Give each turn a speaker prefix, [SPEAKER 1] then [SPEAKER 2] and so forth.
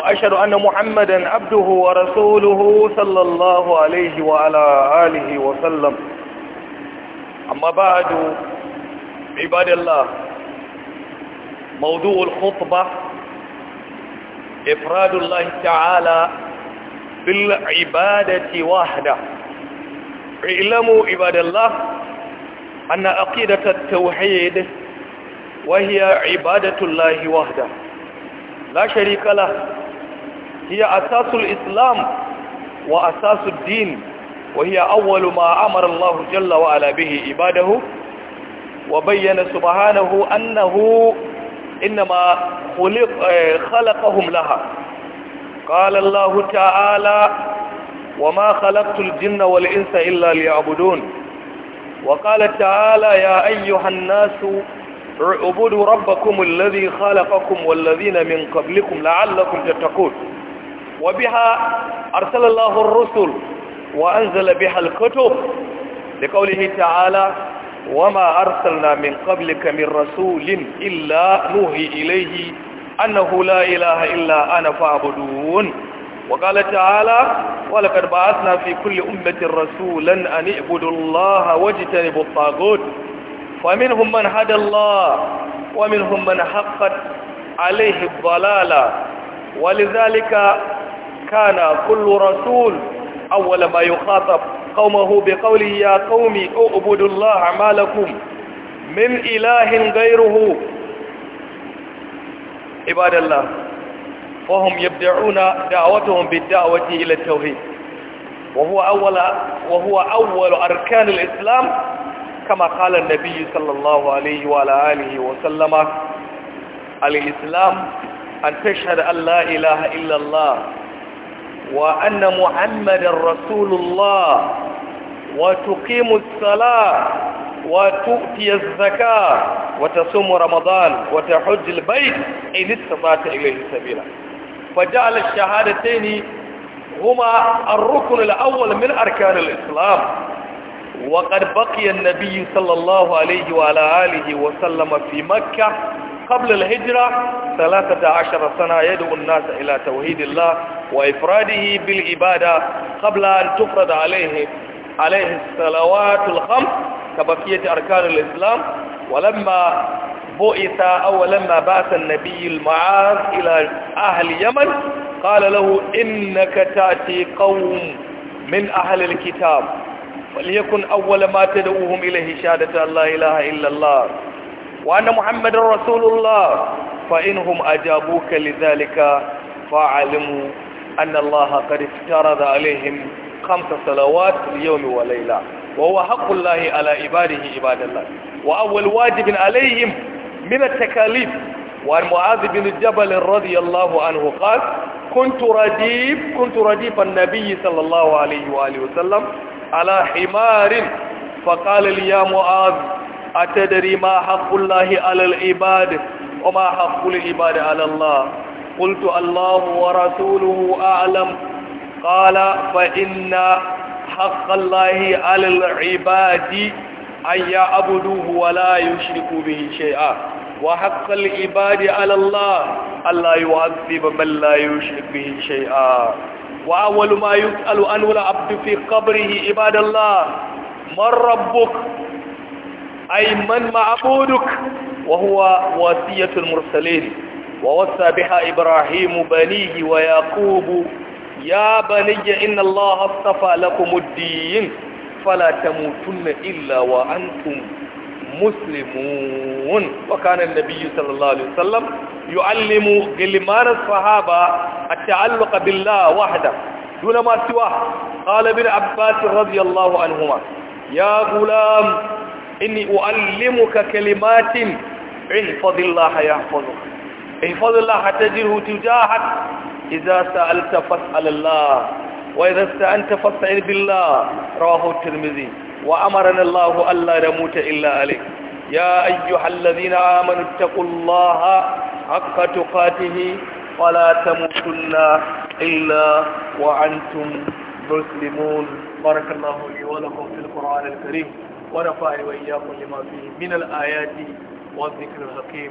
[SPEAKER 1] وأشهد أن محمدا عبده ورسوله صلى الله عليه وعلى آله وسلم أما بعد عباد الله موضوع الخطبة إفراد الله تعالى بالعبادة وحده اعلموا عباد الله أن عقيدة التوحيد وهي عبادة الله وحده لا شريك له هي أساس الإسلام وأساس الدين وهي أول ما أمر الله جل وعلا به عباده وبين سبحانه أنه إنما خلق خلقهم لها قال الله تعالى وما خلقت الجن والإنس إلا ليعبدون وقال تعالى يا أيها الناس اعبدوا ربكم الذي خلقكم والذين من قبلكم لعلكم تتقون وبها أرسل الله الرسل وأنزل بها الكتب لقوله تعالى وما أرسلنا من قبلك من رسول إلا نوهي إليه أنه لا إله إلا أنا فاعبدون وقال تعالى ولقد بعثنا في كل أمة رسولا أن اعبدوا الله واجتنبوا الطاغوت فمنهم من هدى الله ومنهم من حقت عليه الضلالة ولذلك كان كل رسول أول ما يخاطب قومه بقوله يا قوم اعبدوا الله ما لكم من إله غيره عباد الله وهم يبدعون دعوتهم بالدعوة إلى التوحيد وهو أول, وهو أول أركان الإسلام كما قال النبي صلى الله عليه وعلى آله وسلم الإسلام أن تشهد أن لا إله إلا الله وأن محمد رسول الله وتقيم الصلاة وتؤتي الزكاة وتصوم رمضان وتحج البيت إن استطعت إليه سبيلا فجعل الشهادتين هما الركن الأول من أركان الإسلام وقد بقي النبي صلى الله عليه وعلى آله وسلم في مكة قبل الهجرة ثلاثة عشر سنة يدعو الناس إلى توحيد الله وإفراده بالعبادة قبل أن تفرض عليه عليه الصلوات الخمس كبقية أركان الإسلام ولما بعث أو لما بعث النبي المعاذ إلى أهل اليمن قال له إنك تأتي قوم من أهل الكتاب فليكن أول ما تدعوهم إليه شهادة أن لا إله إلا الله وأن محمد رسول الله فإنهم أجابوك لذلك فاعلموا أن الله قد افترض عليهم خمس صلوات في اليوم وليلة وهو حق الله على عباده عباد الله وأول واجب عليهم من التكاليف وعن معاذ بن الجبل رضي الله عنه قال كنت رديف كنت رديف النبي صلى الله عليه وآله وسلم على حمار فقال لي يا معاذ أتدري ما حق الله على العباد وما حق العباد على الله قلت الله ورسوله أعلم قال فإن حق الله على العباد أن يعبدوه ولا يشركوا به شيئا وحق العباد على الله ألا يعذب من لا يشرك به شيئا وأول ما يسأل عنه العبد في قبره عباد الله من ربك أي من معبودك وهو وصية المرسلين ووصى بها إبراهيم بنيه ويعقوب يا بني إن الله اصطفى لكم الدين فلا تموتن إلا وأنتم مسلمون وكان النبي صلى الله عليه وسلم يعلم غلمان الصحابة التعلق بالله وحده دون ما سواه قال ابن عباس رضي الله عنهما يا غلام إني أعلمك كلمات احفظ الله يحفظك فضل الله تجره تجاهك إذا سألت فاسأل الله وإذا استعنت فاستعن بالله رواه الترمذي وأمرنا الله ألا نموت إلا عليك يا أيها الذين آمنوا اتقوا الله حق تقاته ولا تموتن إلا وأنتم مسلمون بارك الله لي ولكم في القرآن الكريم ونفعني وإياكم لما فيه من الآيات والذكر الحكيم